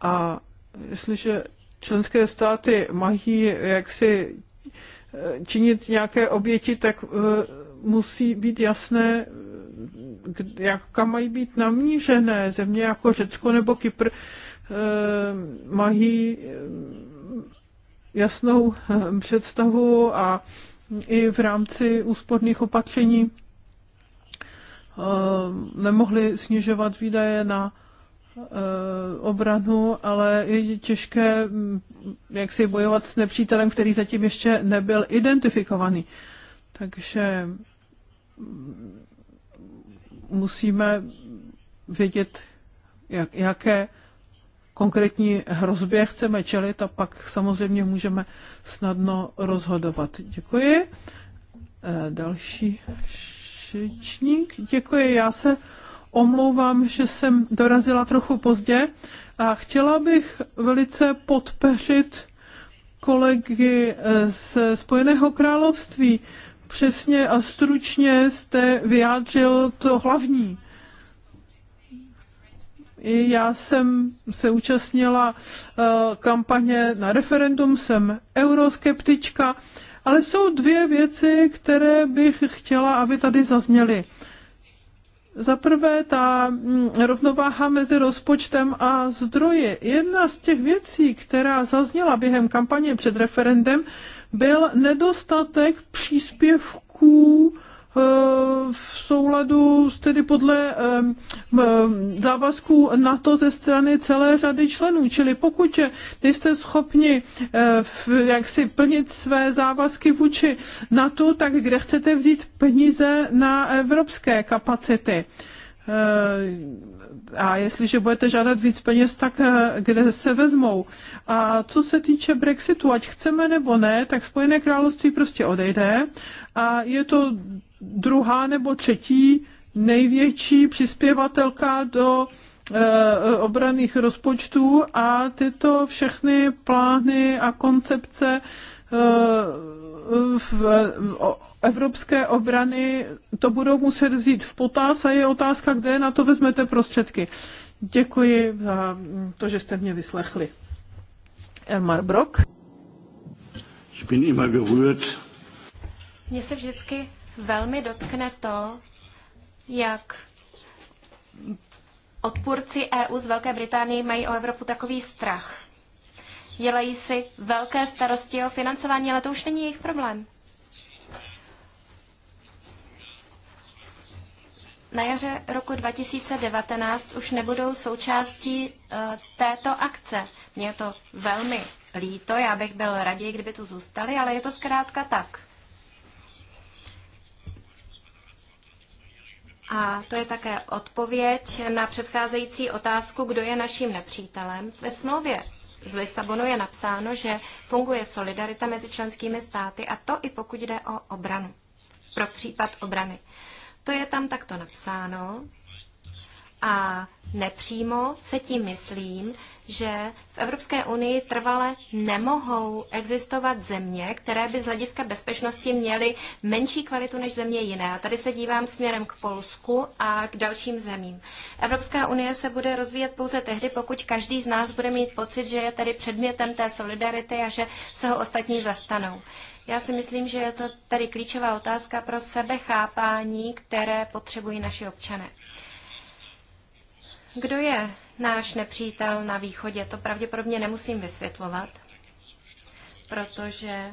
S1: A jestliže členské státy mají jaksi eh, činit nějaké oběti, tak eh, musí být jasné, jaká mají být namířené. Země jako Řecko nebo Kypr eh, mají jasnou představu a i v rámci úsporných opatření Eh, nemohli snižovat výdaje na eh, obranu, ale je těžké hm, jak si bojovat s nepřítelem, který zatím ještě nebyl identifikovaný. Takže hm, musíme vědět, jak, jaké konkrétní hrozbě chceme čelit a pak samozřejmě můžeme snadno rozhodovat. Děkuji. Eh, další řečník. Děkuji, já se omlouvám, že jsem dorazila trochu pozdě a chtěla bych velice podpeřit kolegy eh, z Spojeného království. Přesně a stručně jste vyjádřil to hlavní. I já jsem se účastnila eh, kampaně na referendum, jsem euroskeptička ale jsou dvě věci, které bych chtěla, aby tady zazněly. Za prvé ta mm, rovnováha mezi rozpočtem a zdroje. Jedna z těch věcí, která zazněla během kampaně před referendem, byl nedostatek příspěvků Eh, v souladu s tedy podle eh, eh, závazků NATO ze strany celé řady členů. Čili pokud nejste schopni jak si plnit své závazky vůči NATO, tak kde chcete vzít peníze na evropské kapacity? a jestliže budete žádat víc peněz, tak kde se vezmou. A co se týče Brexitu, ať chceme nebo ne, tak Spojené království prostě odejde a je to druhá nebo třetí největší přispěvatelka do eh, obraných rozpočtů a tyto všechny plány a koncepce eh, v evropské obrany to budou muset vzít v potaz a je otázka, kde na to vezmete prostředky. Děkuji za to, že jste mě vyslechli. Elmar Brock.
S2: Ich bin immer gerührt.
S3: Mně se vždycky velmi dotkne to, jak odpůrci EU z Velké Británie mají o Evropu takový strach. Dělají si velké starosti o financování, ale to už není jejich problém. na jaře roku 2019 už nebudou součástí uh, této akce. Mně je to velmi líto, já bych byl raději, kdyby tu zůstali, ale je to zkrátka tak. A to je také odpověď na předcházející otázku, kdo je naším nepřítelem. Ve smlouvě z Lisabonu je napsáno, že funguje solidarita mezi členskými státy a to i pokud jde o obranu, pro případ obrany. To je tam takto napsáno a nepřímo se tím myslím, že v Evropské unii trvale nemohou existovat země, které by z hlediska bezpečnosti měly menší kvalitu než země jiné. A tady se dívám směrem k Polsku a k dalším zemím. Evropská unie se bude rozvíjet pouze tehdy, pokud každý z nás bude mít pocit, že je tady předmětem té solidarity a že se ho ostatní zastanou. Já si myslím, že je to tady klíčová otázka pro sebechápání, které potřebují naši občané. Kdo je náš nepřítel na východě, to pravděpodobně nemusím vysvětlovat, protože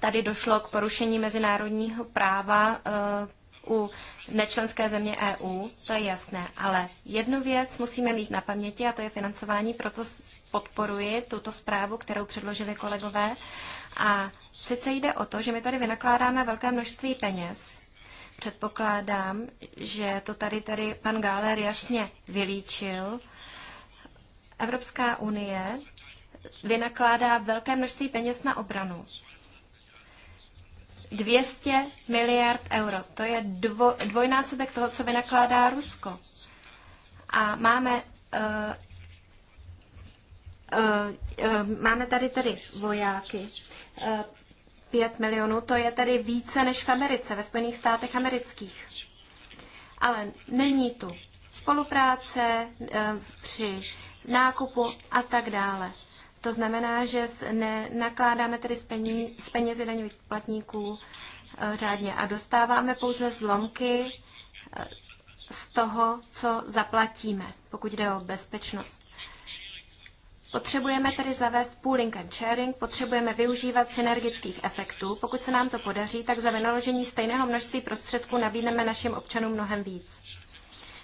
S3: tady došlo k porušení mezinárodního práva eh, u nečlenské země EU, to je jasné, ale jednu věc musíme mít na paměti a to je financování, proto podporuji tuto zprávu, kterou předložili kolegové. A sice jde o to, že my tady vynakládáme velké množství peněz Předpokládám, že to tady tady pan Gáler jasně vylíčil. Evropská unie vynakládá velké množství peněz na obranu. 200 miliard euro. To je dvo, dvojnásobek toho, co vynakládá Rusko. A máme uh, máme tady tady vojáky. 5 milionů, to je tedy více než v Americe, ve Spojených státech amerických. Ale není tu spolupráce eh, při nákupu a tak dále. To znamená, že nakládáme tedy z penězi daňových platníků eh, řádně a dostáváme pouze zlomky eh, z toho, co zaplatíme, pokud jde o bezpečnost. Potřebujeme tedy zavést pooling and sharing, potřebujeme využívat synergických efektů. Pokud se nám to podaří, tak za vynaložení stejného množství prostředků nabídneme našim občanům mnohem víc.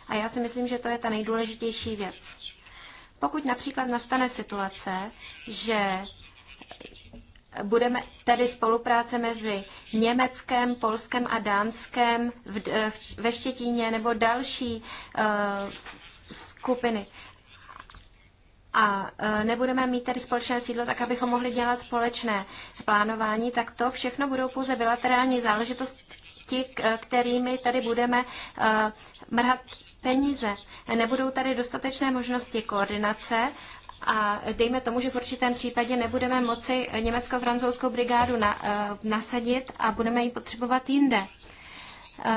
S3: A já si myslím, že to je ta nejdůležitější věc. Pokud například nastane situace, že budeme tedy spolupráce mezi Německem, Polskem a Dánskem v, v, ve Štětíně nebo další uh, skupiny a e, nebudeme mít tady společné sídlo, tak abychom mohli dělat společné plánování, tak to všechno budou pouze bilaterální záležitosti, e, kterými tady budeme e, mrhat peníze. Nebudou tady dostatečné možnosti koordinace a dejme tomu, že v určitém případě nebudeme moci německo-francouzskou brigádu na, nasadit a budeme ji potřebovat jinde.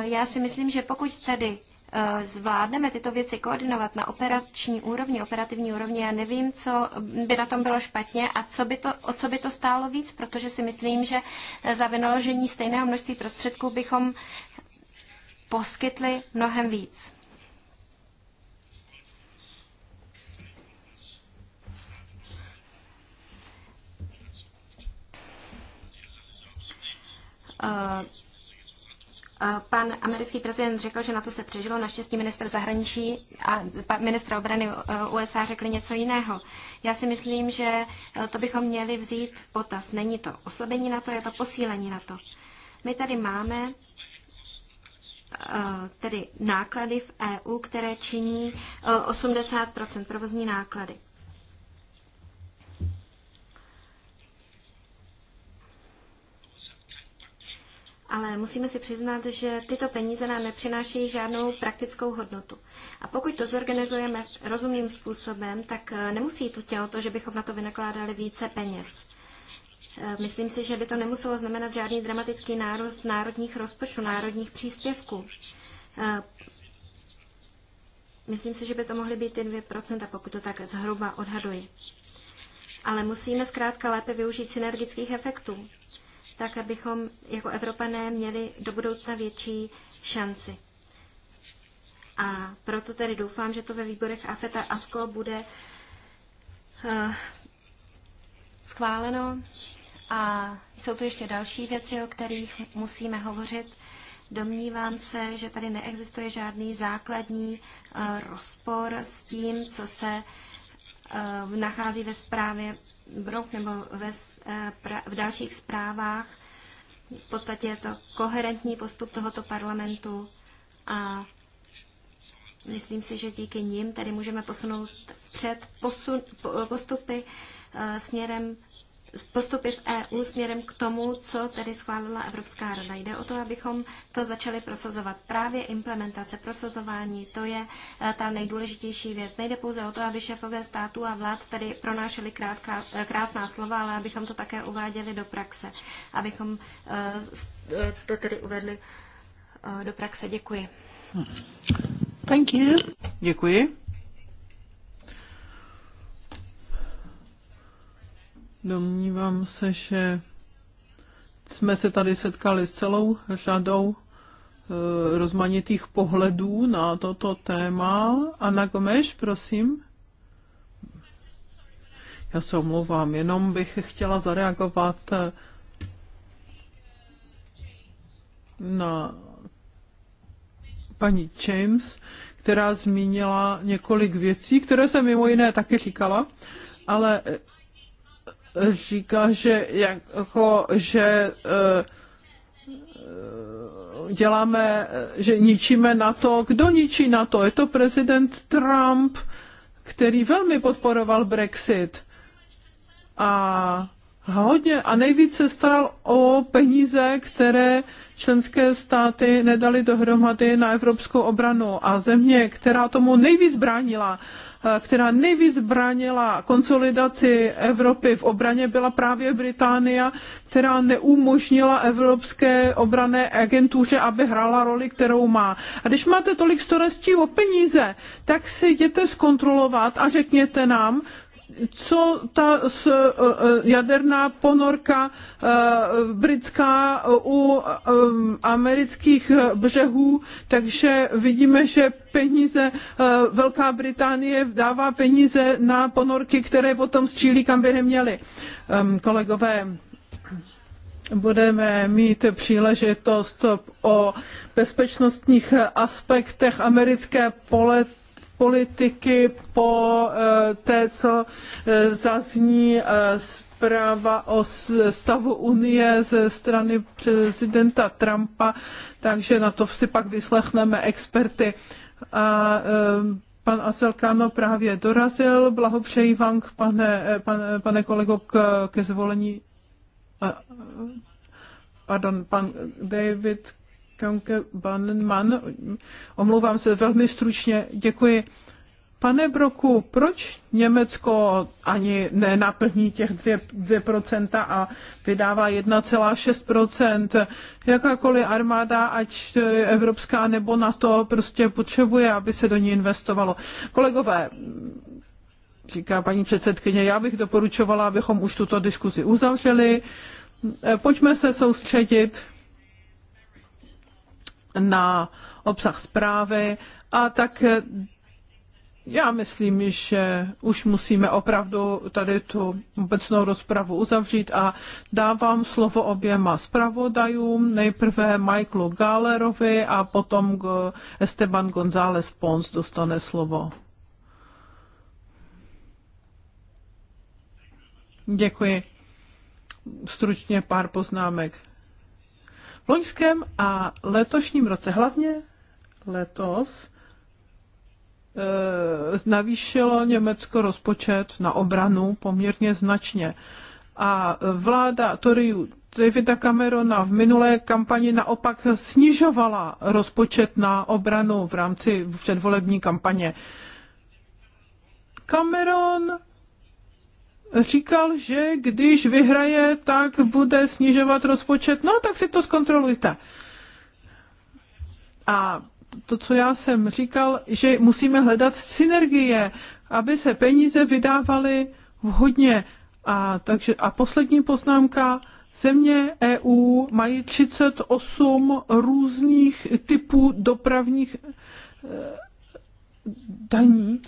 S3: Já si myslím, že pokud tedy Eh, zvládneme tyto věci koordinovat na operační úrovni, operativní úrovni, já nevím, co by na tom bylo špatně a co by to, o co by to stálo víc, protože si myslím, že eh, za vynaložení stejného množství prostředků bychom poskytli mnohem víc. Uh, Eh, pan americký prezident řekl, že na to se přežilo. Naštěstí minister zahraničí a ministr obrany eh, USA řekli něco jiného. Já si myslím, že eh, to bychom měli vzít v potaz. Není to oslabení na to, je to posílení na to. My tady máme tedy náklady v EU, které činí 80 provozní náklady. ale musíme si přiznat, že tyto peníze nám nepřinášejí žádnou praktickou hodnotu. A pokud to zorganizujeme rozumným způsobem, tak eh, nemusí jít nutně o to, že bychom na to vynakládali více peněz. Eh, myslím si, že by to nemuselo znamenat žádný dramatický nárost národních rozpočtů, národních příspěvků. Eh, myslím si, že by to mohly být i 2%, pokud to tak zhruba odhaduji. Ale musíme zkrátka lépe využít synergických efektů tak abychom jako Evropané měli do budoucna větší šanci. A proto tedy doufám, že to ve výborech Afeta a AFKO bude uh, schváleno. A jsou tu ještě další věci, o kterých musíme hovořit. Domnívám se, že tady neexistuje žádný základní uh, rozpor s tím, co se uh, nachází ve zprávě Brok nebo ve Eh, v dalších zprávách. V podstatě je to koherentní postup tohoto parlamentu a myslím si, že díky nim tady můžeme posunout před posun, postupy eh, směrem postupy v EU směrem k tomu, co tedy schválila Evropská rada. Jde o to, abychom to začali prosazovat. Právě implementace, prosazování, to je eh, ta nejdůležitější věc. Nejde pouze o to, aby šéfové států a vlád tady pronášeli krátká, eh, krásná slova, ale abychom to také uváděli do praxe. Abychom eh, to tedy uvedli do praxe. Děkuji.
S1: Thank you. Děkuji. Domnívám se, že jsme se tady setkali s celou řadou e, rozmanitých pohledů na toto téma. Anna Gomeš, prosím. Já se omlouvám, jenom bych chtěla zareagovat e, na paní James, která zmínila několik věcí, které jsem mimo jiné taky říkala, ale říká, že, jako, že eh, děláme, že ničíme na to. Kdo ničí na to? Je to prezident Trump, který velmi podporoval Brexit. A hodně a nejvíc se staral o peníze, které členské státy nedali dohromady na evropskou obranu a země, která tomu nejvíc bránila, eh, která nejvíc bránila konsolidaci Evropy v obraně, byla právě Británie, která neumožnila Evropské obrané agentuře, aby hrála roli, kterou má. A když máte tolik starostí o peníze, tak si jděte zkontrolovat a řekněte nám, co ta e, e, jaderná ponorka e, britská u amerických břehů, takže vidíme, že peníze, Velká Británie dává peníze na ponorky, které potom střílí, kam by neměly. Kolegové, budeme mít příležitost o bezpečnostních aspektech americké politiky politiky po eh, té, co eh, zazní eh, zpráva o stavu Unie ze strany prezidenta Trumpa, takže na to si pak vyslechneme experty. A pan Aselkano právě dorazil. Blahopřeji vám, pane, pane, pane kolego, k, ke zvolení. Pardon, pan David Kanke Banman. Omlouvám se velmi stručně, děkuji. Pane Broku, proč Německo ani nenaplní těch 2%, 2% a vydává 1,6%? Jakákoliv armáda, ať evropská nebo NATO, prostě potřebuje, aby se do ní investovalo. Kolegové, říká paní předsedkyně, já bych doporučovala, abychom už tuto diskuzi uzavřeli. Pojďme se soustředit na obsah zprávy a tak eh, já myslím, že už musíme opravdu tady tu obecnou rozpravu uzavřít a dávám slovo oběma zpravodajům, nejprve Michaelu Gallerovi a potom Esteban González Pons dostane slovo. Děkuji. Stručně pár poznámek loňském a letošním roce, hlavně letos, eh, navýšilo Německo rozpočet na obranu poměrně značně. A vláda Toriu Davida Camerona v minulé kampani naopak snižovala rozpočet na obranu v rámci předvolební kampaně. Cameron říkal, že když vyhraje, tak bude snižovat rozpočet. No, tak si to zkontrolujte. A to, co já jsem říkal, že musíme hledat synergie, aby se peníze vydávaly vhodně. A, takže, a poslední poznámka, země EU mají 38 různých typů dopravních eh, daní.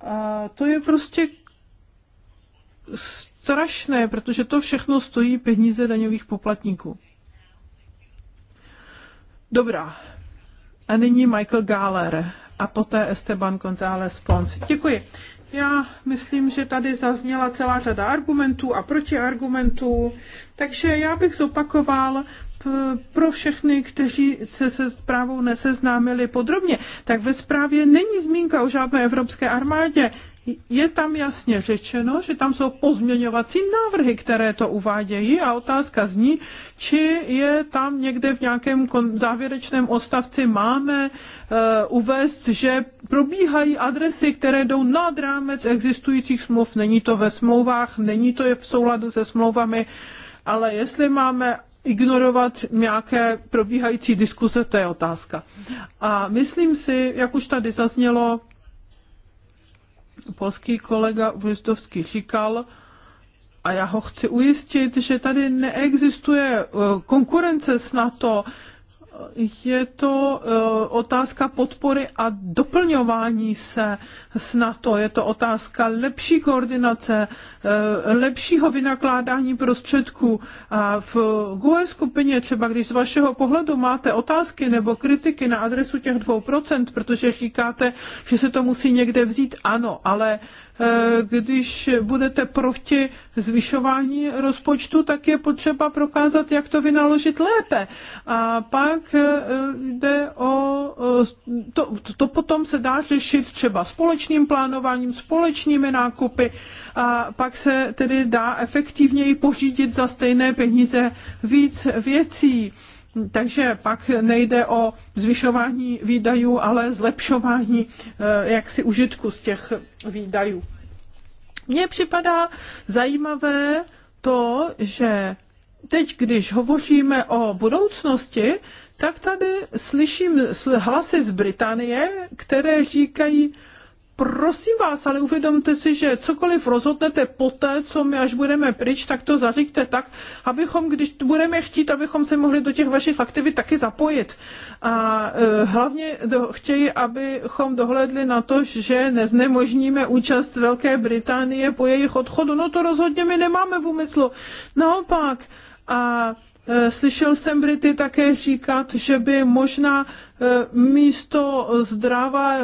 S1: A to je prostě strašné, protože to všechno stojí peníze daňových poplatníků. Dobrá. A nyní Michael Gáler a poté Esteban González Pons. Děkuji. Já myslím, že tady zazněla celá řada argumentů a protiargumentů, takže já bych zopakoval pro všechny, kteří se se zprávou neseznámili podrobně, tak ve zprávě není zmínka o žádné evropské armádě je tam jasně řečeno, že tam jsou pozměňovací návrhy, které to uvádějí a otázka zní, či je tam někde v nějakém závěrečném odstavci máme e, uvést, že probíhají adresy, které jdou nad rámec existujících smluv. Není to ve smlouvách, není to je v souladu se smlouvami, ale jestli máme ignorovat nějaké probíhající diskuze, to je otázka. A myslím si, jak už tady zaznělo, polský kolega Vojzdovský říkal, a já ho chci ujistit, že tady neexistuje eh, konkurence s NATO, je to e, otázka podpory a doplňování se s NATO. Je to otázka lepší koordinace, e, lepšího vynakládání prostředků. A v GUE skupině třeba, když z vašeho pohledu máte otázky nebo kritiky na adresu těch 2%, protože říkáte, že se to musí někde vzít, ano, ale Eh, když budete proti zvyšování rozpočtu, tak je potřeba prokázat, jak to vynaložit lépe. A pak eh, jde o... Eh, to, to potom se dá řešit třeba společným plánováním, společnými nákupy a pak se tedy dá efektivněji pořídit za stejné peníze víc věcí takže pak nejde o zvyšování výdajů, ale zlepšování eh, jaksi užitku z těch výdajů. Mně připadá zajímavé to, že teď, když hovoříme o budoucnosti, tak tady slyším hlasy z Británie, které říkají, prosím vás, ale uvědomte si, že cokoliv rozhodnete poté, co my až budeme pryč, tak to zaříďte tak, abychom, když budeme chtít, abychom se mohli do těch vašich aktivit taky zapojit. A e, hlavně do, chtějí, abychom dohledli na to, že neznemožníme účast Velké Británie po jejich odchodu. No to rozhodně my nemáme v úmyslu. Naopak. A Eh, slyšel jsem Brity také říkat, že by možná eh, místo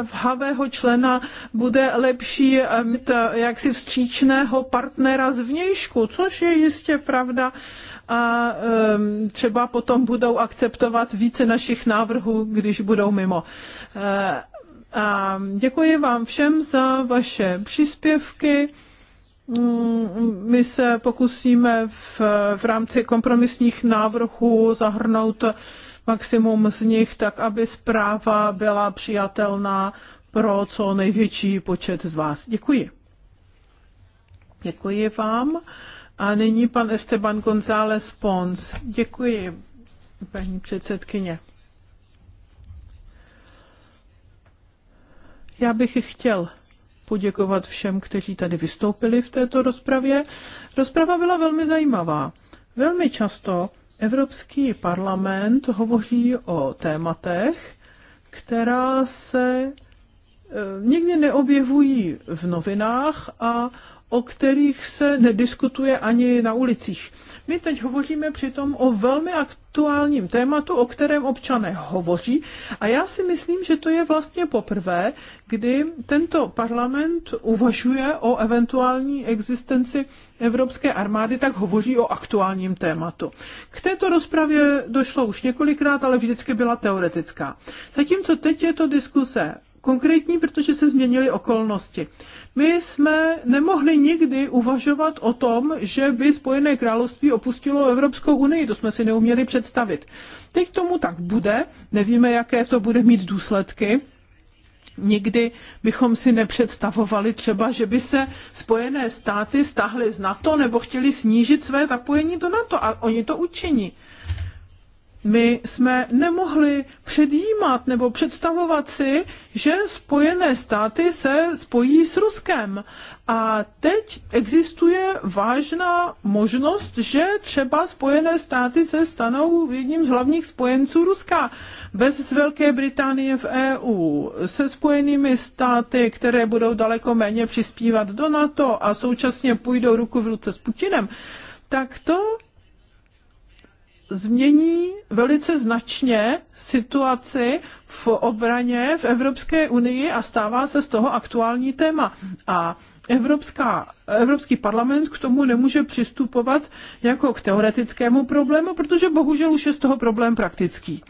S1: zdravého člena bude lepší eh, mít jaksi vstříčného partnera zvnějšku, což je jistě pravda a ehm, třeba potom budou akceptovat více našich návrhů, když budou mimo. A děkuji vám všem za vaše příspěvky. Mm, my se pokusíme v, v rámci kompromisních návrhů zahrnout maximum z nich, tak aby zpráva byla přijatelná pro co největší počet z vás. Děkuji. Děkuji vám. A nyní pan Esteban González Pons. Děkuji, paní předsedkyně. Já bych chtěl poděkovat všem, kteří tady vystoupili v této rozpravě. Rozprava byla velmi zajímavá. Velmi často Evropský parlament hovoří o tématech, která se eh, někdy neobjevují v novinách a o kterých se nediskutuje ani na ulicích. My teď hovoříme přitom o velmi aktuálním tématu, o kterém občané hovoří. A já si myslím, že to je vlastně poprvé, kdy tento parlament uvažuje o eventuální existenci Evropské armády, tak hovoří o aktuálním tématu. K této rozpravě došlo už několikrát, ale vždycky byla teoretická. Zatímco teď je to diskuse konkrétní, protože se změnily okolnosti. My jsme nemohli nikdy uvažovat o tom, že by Spojené království opustilo Evropskou unii, to jsme si neuměli představit. Teď tomu tak bude, nevíme, jaké to bude mít důsledky, Nikdy bychom si nepředstavovali třeba, že by se Spojené státy stáhly z NATO nebo chtěli snížit své zapojení do NATO a oni to učiní my jsme nemohli předjímat nebo představovat si, že Spojené státy se spojí s Ruskem. A teď existuje vážná možnost, že třeba Spojené státy se stanou jedním z hlavních spojenců Ruska. Bez Velké Británie v EU, se Spojenými státy, které budou daleko méně přispívat do NATO a současně půjdou ruku v ruce s Putinem, tak to změní velice značně situaci v obraně v Evropské unii a stává se z toho aktuální téma. A Evropská, Evropský parlament k tomu nemůže přistupovat jako k teoretickému problému, protože bohužel už je z toho problém praktický.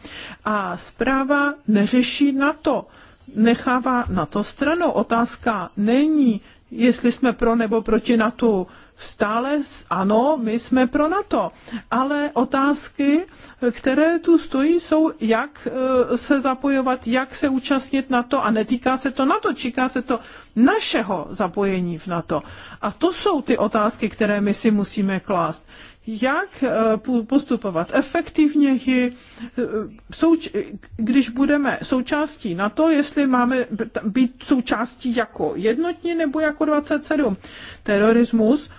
S1: A zpráva neřeší na to, nechává na to stranu. Otázka není, jestli jsme pro nebo proti NATO stále ano, my jsme pro NATO, ale otázky, které tu stojí, jsou, jak e, se zapojovat, jak se účastnit na to, a netýká se to NATO, číká se to našeho zapojení v NATO. A to jsou ty otázky, které my si musíme klást jak e, postupovat efektivně, e, když budeme součástí na to, jestli máme být součástí jako jednotní nebo jako 27. Terorismus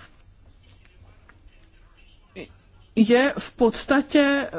S1: je v podstatě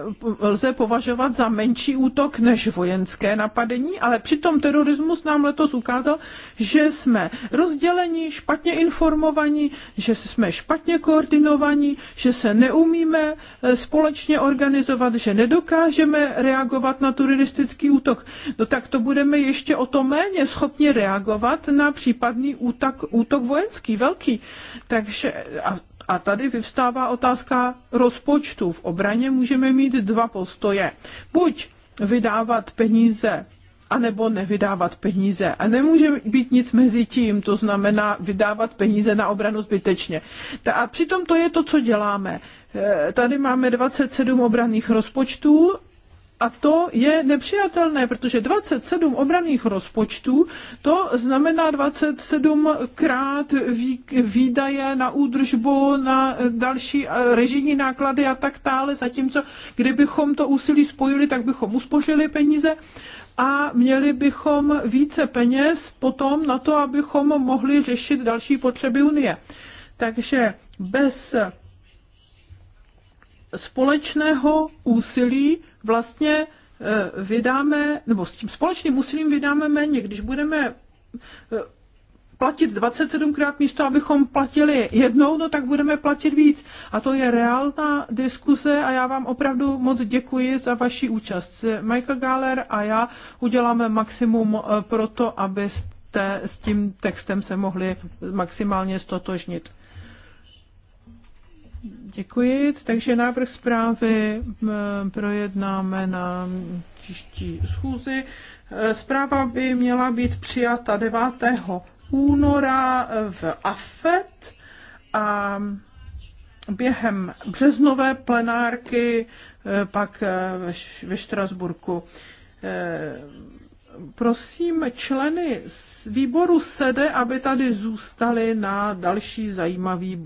S1: lze považovat za menší útok než vojenské napadení, ale přitom terorismus nám letos ukázal, že jsme rozdělení, špatně informovaní, že jsme špatně koordinovaní, že se neumíme eh, společně organizovat, že nedokážeme reagovat na teroristický útok. No tak to budeme ještě o to méně schopni reagovat na případný útok, útok vojenský, velký. Takže a a tady vyvstává otázka rozpočtu. V obraně můžeme mít dva postoje. Buď vydávat peníze anebo nevydávat peníze. A nemůže být nic mezi tím, to znamená vydávat peníze na obranu zbytečně. A přitom to je to, co děláme. Eh, tady máme 27 obraných rozpočtů a to je nepřijatelné, protože 27 obraných rozpočtů, to znamená 27 krát výdaje na údržbu, na další eh, režijní náklady a tak dále, zatímco kdybychom to úsilí spojili, tak bychom uspořili peníze a měli bychom více peněz potom na to, abychom mohli řešit další potřeby Unie. Takže bez společného úsilí vlastně eh, vydáme, nebo s tím společným úsilím vydáme méně, když budeme eh, platit 27krát místo, abychom platili jednou, no tak budeme platit víc. A to je reálná diskuze a já vám opravdu moc děkuji za vaši účast. Michael Galler a já uděláme maximum eh, pro to, abyste s tím textem se mohli maximálně stotožnit. Děkuji. Takže návrh zprávy projednáme na příští schůzi. E, zpráva by měla být přijata 9. února v AFET a během březnové plenárky e, pak e, ve Štrasburku. Prosím členy z výboru SEDE, aby tady zůstali na další zajímavý bod.